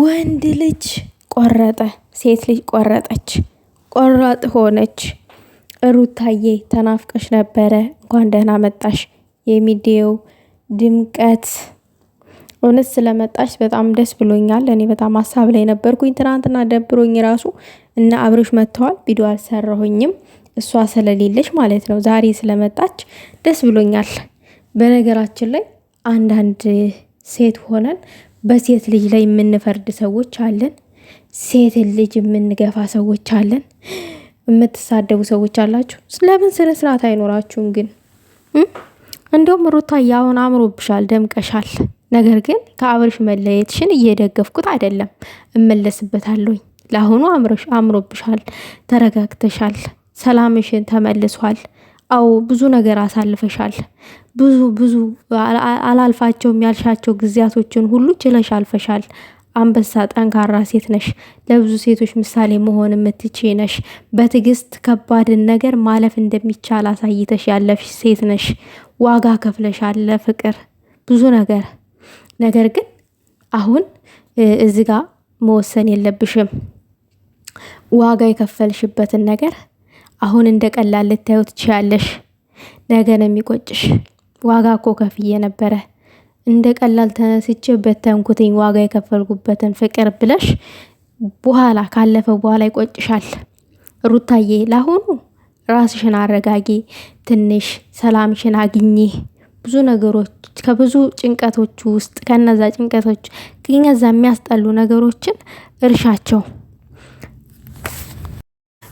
ወንድ ልጅ ቆረጠ፣ ሴት ልጅ ቆረጠች፣ ቆራጥ ሆነች። ሩታዬ ተናፍቀሽ ነበረ፣ እንኳን ደህና መጣሽ። የሚዲየው ድምቀት እውነት ስለመጣሽ በጣም ደስ ብሎኛል። እኔ በጣም ሀሳብ ላይ ነበርኩኝ ትናንትና ደብሮኝ ራሱ እና አብሮሽ መጥተዋል። ቪዲዮ አልሰራሁኝም እሷ ስለሌለች ማለት ነው። ዛሬ ስለመጣች ደስ ብሎኛል። በነገራችን ላይ አንዳንድ ሴት ሆነን በሴት ልጅ ላይ የምንፈርድ ሰዎች አለን። ሴትን ልጅ የምንገፋ ሰዎች አለን። የምትሳደቡ ሰዎች አላችሁ። ስለምን ስነ ስርዓት አይኖራችሁም? ግን እንደውም ሩታ ያሁን አምሮብሻል፣ ደምቀሻል። ነገር ግን ከአብርሽ መለየትሽን እየደገፍኩት አይደለም። እመለስበታለሁኝ። ለአሁኑ አምሮብሻል፣ ተረጋግተሻል፣ ሰላምሽን ተመልሷል። አው ብዙ ነገር አሳልፈሻል። ብዙ ብዙ አላልፋቸውም ያልሻቸው ጊዜያቶችን ሁሉ ችለሽ አልፈሻል። አንበሳ ጠንካራ ሴት ነሽ። ለብዙ ሴቶች ምሳሌ መሆን የምትችይ ነሽ። በትዕግስት ከባድን ነገር ማለፍ እንደሚቻል አሳይተሽ ያለፍሽ ሴት ነሽ። ዋጋ ከፍለሻል ለፍቅር ብዙ ነገር። ነገር ግን አሁን እዚ ጋ መወሰን የለብሽም። ዋጋ የከፈልሽበትን ነገር አሁን እንደ ቀላል ልታዩት ትችያለሽ። ነገ ነው የሚቆጭሽ። ዋጋ እኮ ከፍዬ ነበረ እንደ ቀላል ተነስቼ በተንኩትኝ ዋጋ የከፈልኩበትን ፍቅር ብለሽ በኋላ ካለፈ በኋላ ይቆጭሻል። ሩታዬ ለአሁኑ ራስሽን አረጋጊ፣ ትንሽ ሰላምሽን አግኚ። ብዙ ነገሮች ከብዙ ጭንቀቶች ውስጥ ከነዛ ጭንቀቶች ከነዛ የሚያስጠሉ ነገሮችን እርሻቸው።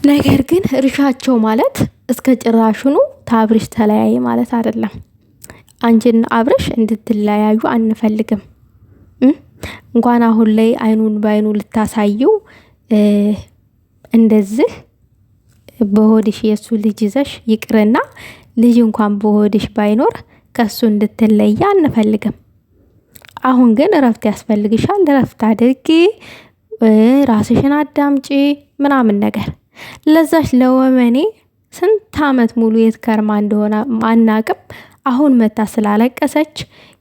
ነገር ግን እርሻቸው ማለት እስከ ጭራሹኑ ታብርሽ ተለያየ ማለት አይደለም። አንቺና አብርሽ እንድትለያዩ አንፈልግም። እንኳን አሁን ላይ አይኑን በአይኑ ልታሳየው እንደዚህ በሆድሽ የእሱ ልጅ ይዘሽ ይቅርና ልጅ እንኳን በሆድሽ ባይኖር ከእሱ እንድትለየ አንፈልግም። አሁን ግን እረፍት ያስፈልግሻል። እረፍት አድርጊ፣ ራስሽን አዳምጪ ምናምን ነገር ለዛች ለወመኔ ስንት አመት ሙሉ የት ከርማ እንደሆነ አናቅም። አሁን መታ ስላለቀሰች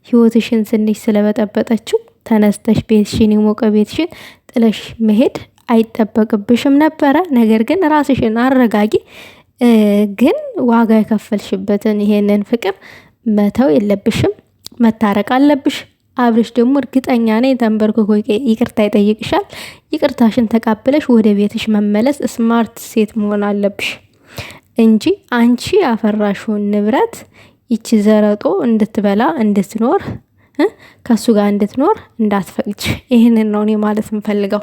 ህይወትሽን ትንሽ ስለበጠበጠችው ተነስተሽ ቤትሽን የሞቀ ቤትሽን ጥለሽ መሄድ አይጠበቅብሽም ነበረ። ነገር ግን ራስሽን አረጋጊ። ግን ዋጋ የከፈልሽበትን ይሄንን ፍቅር መተው የለብሽም፣ መታረቅ አለብሽ። አብርሽ ደግሞ እርግጠኛ ነኝ ተንበርክኮ ይቅርታ ይጠይቅሻል። ይቅርታሽን ተቃብለሽ ወደ ቤትሽ መመለስ ስማርት ሴት መሆን አለብሽ እንጂ አንቺ ያፈራሽውን ንብረት ይቺ ዘረጦ እንድትበላ እንድትኖር ከሱ ጋር እንድትኖር እንዳትፈቅጅ። ይህንን ነው እኔ ማለት የምፈልገው።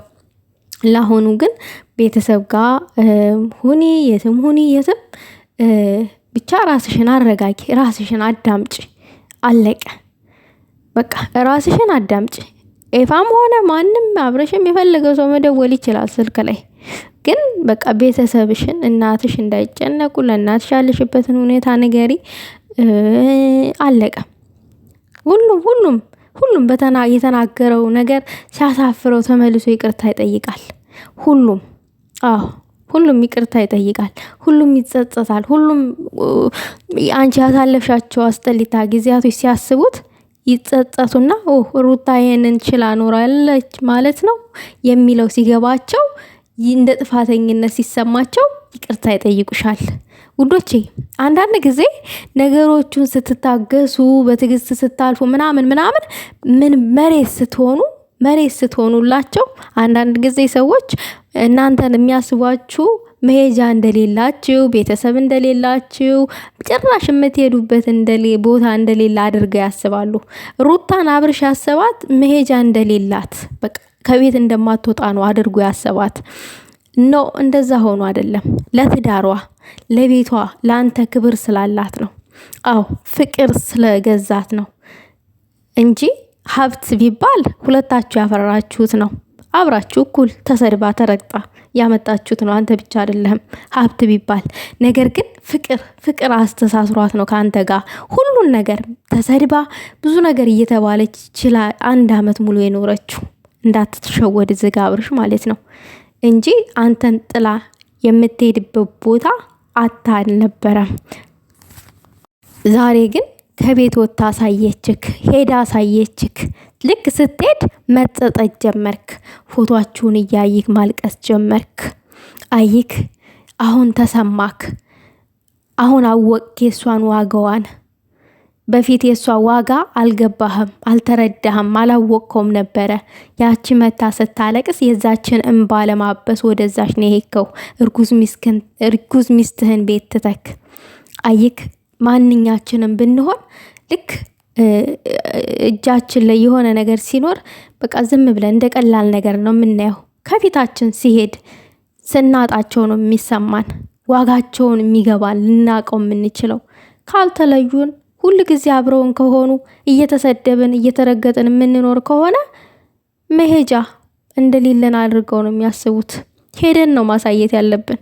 ለአሁኑ ግን ቤተሰብ ጋር ሁኒ፣ የትም ሁኒ፣ የትም ብቻ ራስሽን አረጋጊ፣ ራስሽን አዳምጪ። አለቀ። በቃ ራስሽን አዳምጭ። ኤፋም ሆነ ማንም አብረሽም የፈለገው ሰው መደወል ይችላል ስልክ ላይ ግን በቃ ቤተሰብሽን፣ እናትሽ እንዳይጨነቁ ለእናትሽ ያለሽበትን ሁኔታ ንገሪ። አለቀ። ሁሉም ሁሉም ሁሉም የተናገረው ነገር ሲያሳፍረው ተመልሶ ይቅርታ ይጠይቃል። ሁሉም አዎ ሁሉም ይቅርታ ይጠይቃል። ሁሉም ይጸጸታል። ሁሉም አንቺ ያሳለፍሻቸው አስጠሊታ ጊዜያቶች ሲያስቡት ይጸጸቱና ሩታ ይህንን ችላ ኖራለች ማለት ነው የሚለው ሲገባቸው እንደ ጥፋተኝነት ሲሰማቸው ይቅርታ ይጠይቁሻል። ውዶቼ አንዳንድ ጊዜ ነገሮቹን ስትታገሱ በትዕግስት ስታልፉ ምናምን ምናምን ምን መሬት ስትሆኑ መሬት ስትሆኑላቸው አንዳንድ ጊዜ ሰዎች እናንተን የሚያስቧችሁ መሄጃ እንደሌላችሁ ቤተሰብ እንደሌላችሁ ጭራሽ የምትሄዱበት ቦታ እንደሌላ አድርገው ያስባሉ። ሩታን አብርሽ ያሰባት መሄጃ እንደሌላት በቃ ከቤት እንደማትወጣ ነው አድርጎ ያሰባት። ኖ እንደዛ ሆኖ አይደለም። ለትዳሯ፣ ለቤቷ፣ ለአንተ ክብር ስላላት ነው። አዎ ፍቅር ስለገዛት ነው እንጂ ሀብት ቢባል ሁለታችሁ ያፈራችሁት ነው። አብራችሁ እኩል ተሰድባ ተረግጣ ያመጣችሁት ነው። አንተ ብቻ አይደለህም ሀብት ቢባል ነገር ግን ፍቅር ፍቅር አስተሳስሯት ነው ከአንተ ጋር ሁሉን ነገር ተሰድባ ብዙ ነገር እየተባለች ችላ አንድ አመት ሙሉ የኖረችው እንዳትሸወድ ዝጋ አብርሽ ማለት ነው እንጂ አንተን ጥላ የምትሄድበት ቦታ አታ አልነበረም። ዛሬ ግን ከቤት ወጥታ አሳየችክ፣ ሄዳ አሳየችክ። ልክ ስትሄድ መጸጸት ጀመርክ። ፎቷችሁን እያይክ ማልቀስ ጀመርክ። አይክ አሁን ተሰማክ። አሁን አወቅ የእሷን ዋጋዋን። በፊት የእሷ ዋጋ አልገባህም፣ አልተረዳህም፣ አላወቅከውም ነበረ። ያቺ መታ ስታለቅስ የዛችን እንባ ለማበስ ወደዛች ነው የሄድከው እርጉዝ ሚስትህን ቤት ትተክ አይክ ማንኛችንም ብንሆን ልክ እጃችን ላይ የሆነ ነገር ሲኖር በቃ ዝም ብለን እንደ ቀላል ነገር ነው የምናየው። ከፊታችን ሲሄድ ስናጣቸው ነው የሚሰማን፣ ዋጋቸውን የሚገባን ልናቀው የምንችለው። ካልተለዩን ሁል ጊዜ አብረውን ከሆኑ እየተሰደብን እየተረገጥን የምንኖር ከሆነ መሄጃ እንደሌለን አድርገው ነው የሚያስቡት። ሄደን ነው ማሳየት ያለብን።